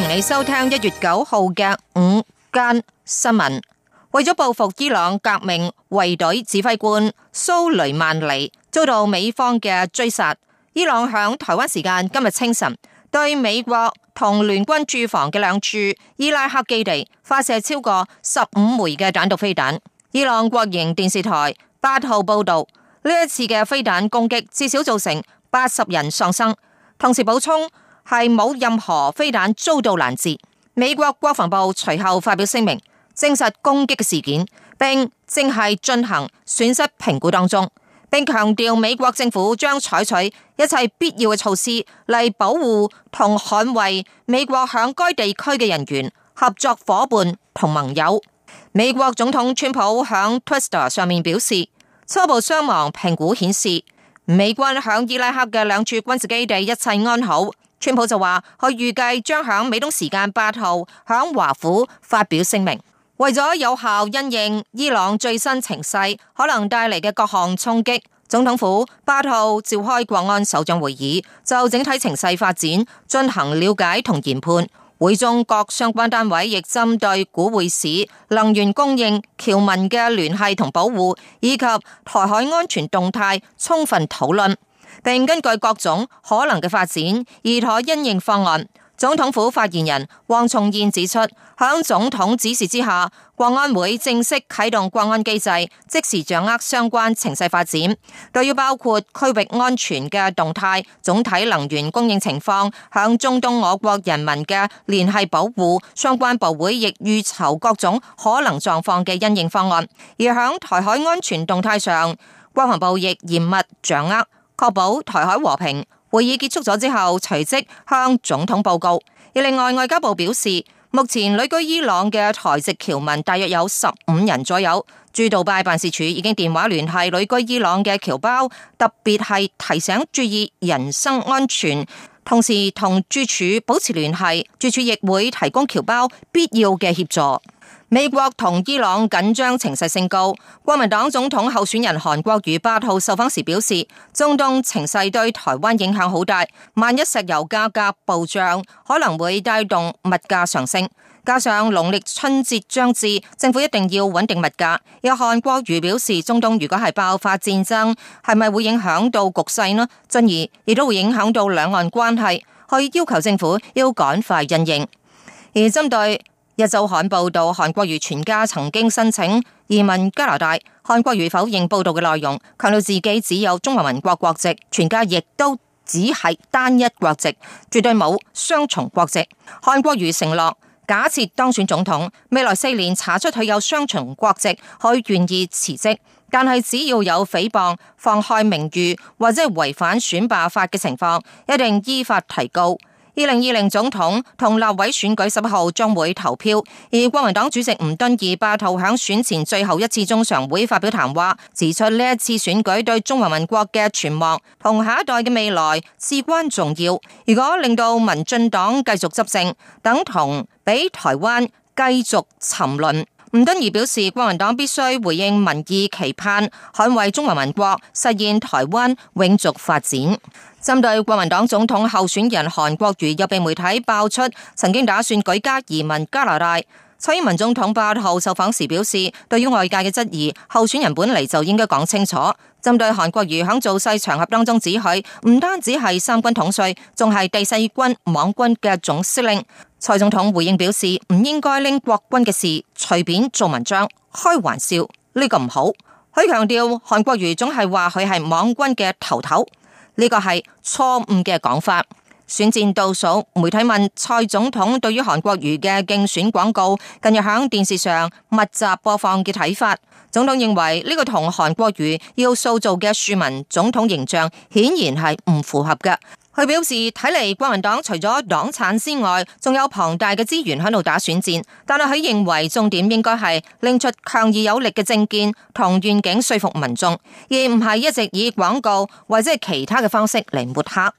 歡迎你收聽一月九號嘅午間新聞。為咗報復伊朗革命衛隊指揮官蘇雷曼尼遭到美方嘅追殺，伊朗響台灣時間今日清晨對美國同聯軍駐防嘅兩處伊拉克基地發射超過十五枚嘅彈道飛彈。伊朗國營電視台八號報道，呢一次嘅飛彈攻擊至少造成八十人喪生，同時補充。係冇任何飛彈遭到攔截。美國國防部隨後發表聲明，證實攻擊嘅事件，並正係進行損失評估當中，並強調美國政府將採取一切必要嘅措施嚟保護同捍衛美國響該地區嘅人員、合作夥伴同盟友。美國總統川普響 Twitter 上面表示，初步傷亡評估顯示，美軍響伊拉克嘅兩處軍事基地一切安好。川普就話佢預計將響美東時間八號響華府發表聲明。為咗有效因應伊朗最新情勢可能帶嚟嘅各項衝擊，總統府八號召開國安首長會議，就整體情勢發展進行了解同研判，會中各相關單位亦針對股匯市、能源供應、僑民嘅聯繫同保護以及台海安全動態充分討論。並根據各種可能嘅發展，擬妥因應方案。總統府發言人黃重諺指出，響總統指示之下，國安會正式啟動國安機制，即時掌握相關情勢發展。對於包括區域安全嘅動態、總體能源供應情況、向中東我國人民嘅聯繫保護，相關部會亦預籌各種可能狀況嘅因應方案。而響台海安全動態上，國防部亦嚴密掌握。確保台海和平，會議結束咗之後，隨即向總統報告。而另外，外交部表示，目前旅居伊朗嘅台籍僑民大約有十五人左右。駐杜拜辦事處已經電話聯繫旅居伊朗嘅僑胞，特別係提醒注意人身安全，同時同駐處保持聯繫，駐處亦會提供僑胞必要嘅協助。美國同伊朗緊張情勢升高，國民黨總統候選人韓國瑜八號受訪時表示，中東情勢對台灣影響好大，萬一石油價格暴漲，可能會帶動物價上升。加上農曆春節將至，政府一定要穩定物價。又韓國瑜表示，中東如果係爆發戰爭，係咪會影響到局勢呢？進而亦都會影響到兩岸關係，可以要求政府要趕快因應。而針對《壹週刊》報道，韓國瑜全家曾經申請移民加拿大。韓國瑜否認報道嘅內容，強調自己只有中華民國國籍，全家亦都只係單一國籍，絕對冇雙重國籍。韓國瑜承諾，假設當選總統，未來四年查出佢有雙重國籍，佢願意辭職。但係只要有誹謗、妨害名譽或者係違反選罷法嘅情況，一定依法提告。二零二零總統同立委選舉十一號將會投票，而國民黨主席吳敦義八號響選前最後一次中常會發表談話，指出呢一次選舉對中華民國嘅存亡同下一代嘅未來事關重要。如果令到民進黨繼續執政，等同俾台灣繼續沉淪。吳敦義表示，國民黨必須回應民意期盼，捍衛中華民國，實現台灣永續發展。針對國民黨總統候選人韓國瑜又被媒體爆出曾經打算舉家移民加拿大，蔡英文總統八號受訪時表示，對於外界嘅質疑，候選人本嚟就應該講清楚。針對韓國瑜喺造勢場合當中指佢唔單止係三軍統帥，仲係第四軍網軍嘅總司令。蔡總統回應表示，唔應該拎國軍嘅事隨便做文章，開玩笑，呢個唔好。佢強調，韓國瑜總係話佢係網軍嘅頭頭，呢個係錯誤嘅講法。選戰倒數，媒體問蔡總統對於韓國瑜嘅競選廣告近日響電視上密集播放嘅睇法，總統認為呢個同韓國瑜要塑造嘅庶民總統形象，顯然係唔符合嘅。佢表示，睇嚟，國民黨除咗黨產之外，仲有龐大嘅資源喺度打選戰，但係佢認為重點應該係拎出強而有力嘅政見同願景說服民眾，而唔係一直以廣告或者係其他嘅方式嚟抹黑。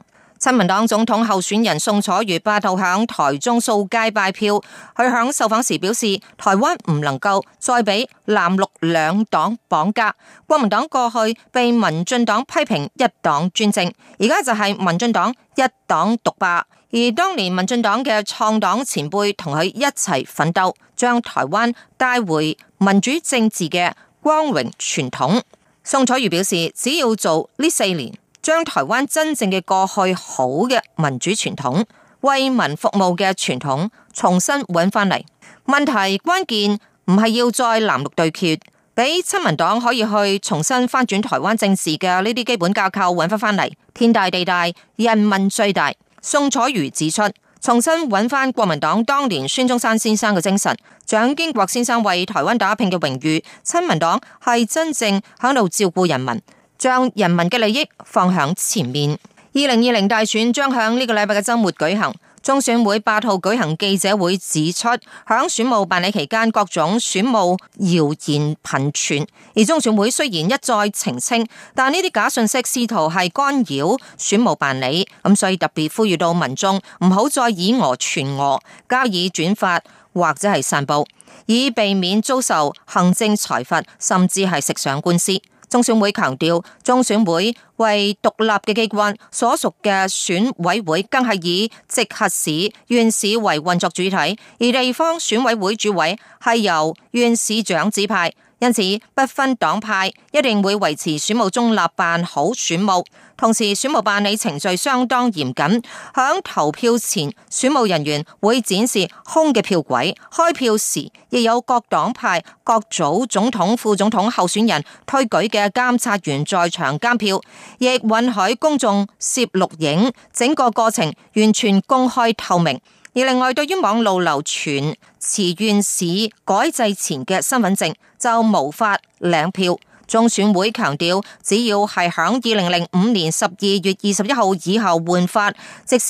親民黨總統候選人宋楚瑜八度響台中掃街拜票，佢響受訪時表示：台灣唔能夠再俾藍綠兩黨綁架。國民黨過去被民進黨批評一黨專政，而家就係民進黨一黨獨霸。而當年民進黨嘅創黨前輩同佢一齊奮鬥，將台灣帶回民主政治嘅光榮傳統。宋楚瑜表示，只要做呢四年。將台灣真正嘅過去好嘅民主傳統，為民服務嘅傳統，重新揾返嚟。問題關鍵唔係要再藍綠對決，俾親民黨可以去重新翻轉台灣政治嘅呢啲基本架構，揾返返嚟。天大地大，人民最大。宋楚瑜指出，重新揾翻國民黨當年孫中山先生嘅精神，蔣經國先生為台灣打拼嘅榮譽，親民黨係真正響度照顧人民，將人民嘅利益放喺前面。二零二零大選將喺呢個禮拜嘅周末舉行。中選會八號舉行記者會指出，響選務辦理期間，各種選務謠言頻傳。而中選會雖然一再澄清，但呢啲假信息試圖係干擾選務辦理，咁所以特別呼籲到民眾唔好再以訛傳訛、加以轉發或者係散布，以避免遭受行政裁罰甚至係食上官司。中選會強調，中選會為獨立嘅機關，所屬嘅選委會更係以直轄市、縣市為運作主體，而地方選委會主委係由縣市長指派。因此，不分黨派，一定會維持選務中立，辦好選務。同時，選務辦理程序相當嚴謹，響投票前，選務人員會展示空嘅票櫃；開票時，亦有各黨派、各組總統、副總統候選人推舉嘅監察員在場監票，亦允許公眾攝錄影，整個過程完全公開透明。而另外，對於網路流傳縣市改制前嘅身份證就無法領票，中選會強調，只要係響二零零五年十二月二十一號以後換發，即使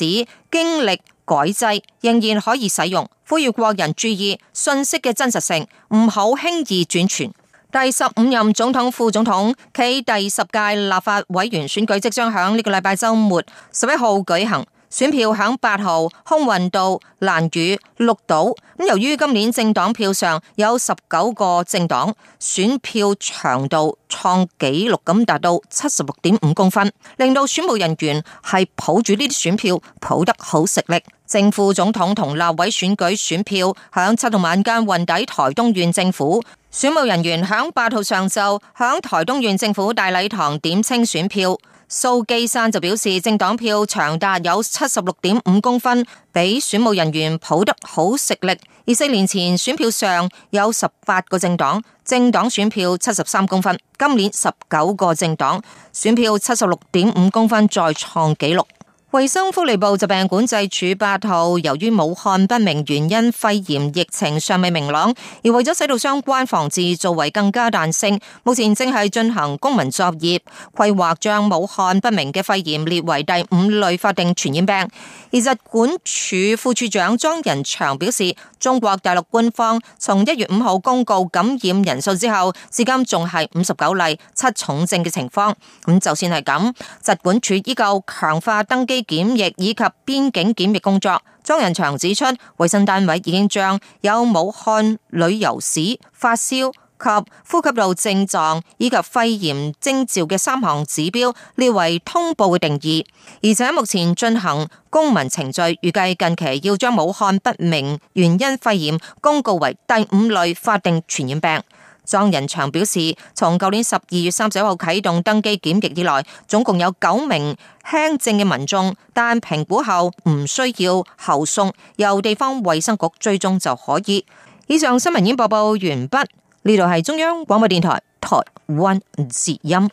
經歷改制，仍然可以使用。呼籲國人注意信息嘅真實性，唔好輕易轉傳。第十五任總統、副總統暨第十屆立法委員選舉，即將響呢個禮拜週末十一號舉行。選票響八號空運到蘭嶼、綠島。由於今年政黨票上有十九個政黨，選票長度創紀錄咁達到七十六點五公分，令到選務人員係抱住呢啲選票抱得好食力。正副總統同立委選舉選票響七號晚間運抵台東縣政府，選務人員響八號上晝響台東縣政府大禮堂點清選票。蘇基山就表示，政黨票長達有七十六點五公分，比選務人員抱得好食力。二四年前選票上有十八個政黨，政黨選票七十三公分，今年十九個政黨選票七十六點五公分，再創紀錄。衛生福利部疾病管制署八號由於武漢不明原因肺炎疫情尚未明朗，而為咗使到相關防治作為更加彈性，目前正係進行公民作業，規劃將武漢不明嘅肺炎列為第五類法定傳染病。而疾管署副處長莊仁祥表示，中國大陸官方從一月五號公告感染人數之後，至今仲係五十九例七重症嘅情況。咁就算係咁，疾管署依舊強化登機。檢疫以及邊境檢疫工作，莊人祥指出，衛生單位已經將有武漢旅遊史、發燒及呼吸道症狀以及肺炎徵兆嘅三項指標列為通報嘅定義，而且目前進行公民程序，預計近期要將武漢不明原因肺炎公告為第五類法定傳染病。莊人祥表示，從舊年十二月三十一號啟動登機檢疫以來，總共有九名輕症嘅民眾，但評估後唔需要後送，由地方衛生局追蹤就可以。以上新聞已經播報完畢，呢度係中央廣播電台台灣節音。